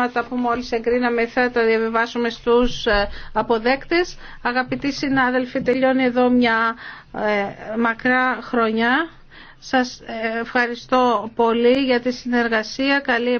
ερωτήματα που μόλις εγκρίναμε θα τα διαβιβάσουμε στους ε, αποδέκτες. Αγαπητοί συνάδελφοι, τελειώνει εδώ μια ε, μακρά χρονιά. Σας ε, ευχαριστώ πολύ για τη συνεργασία. Καλή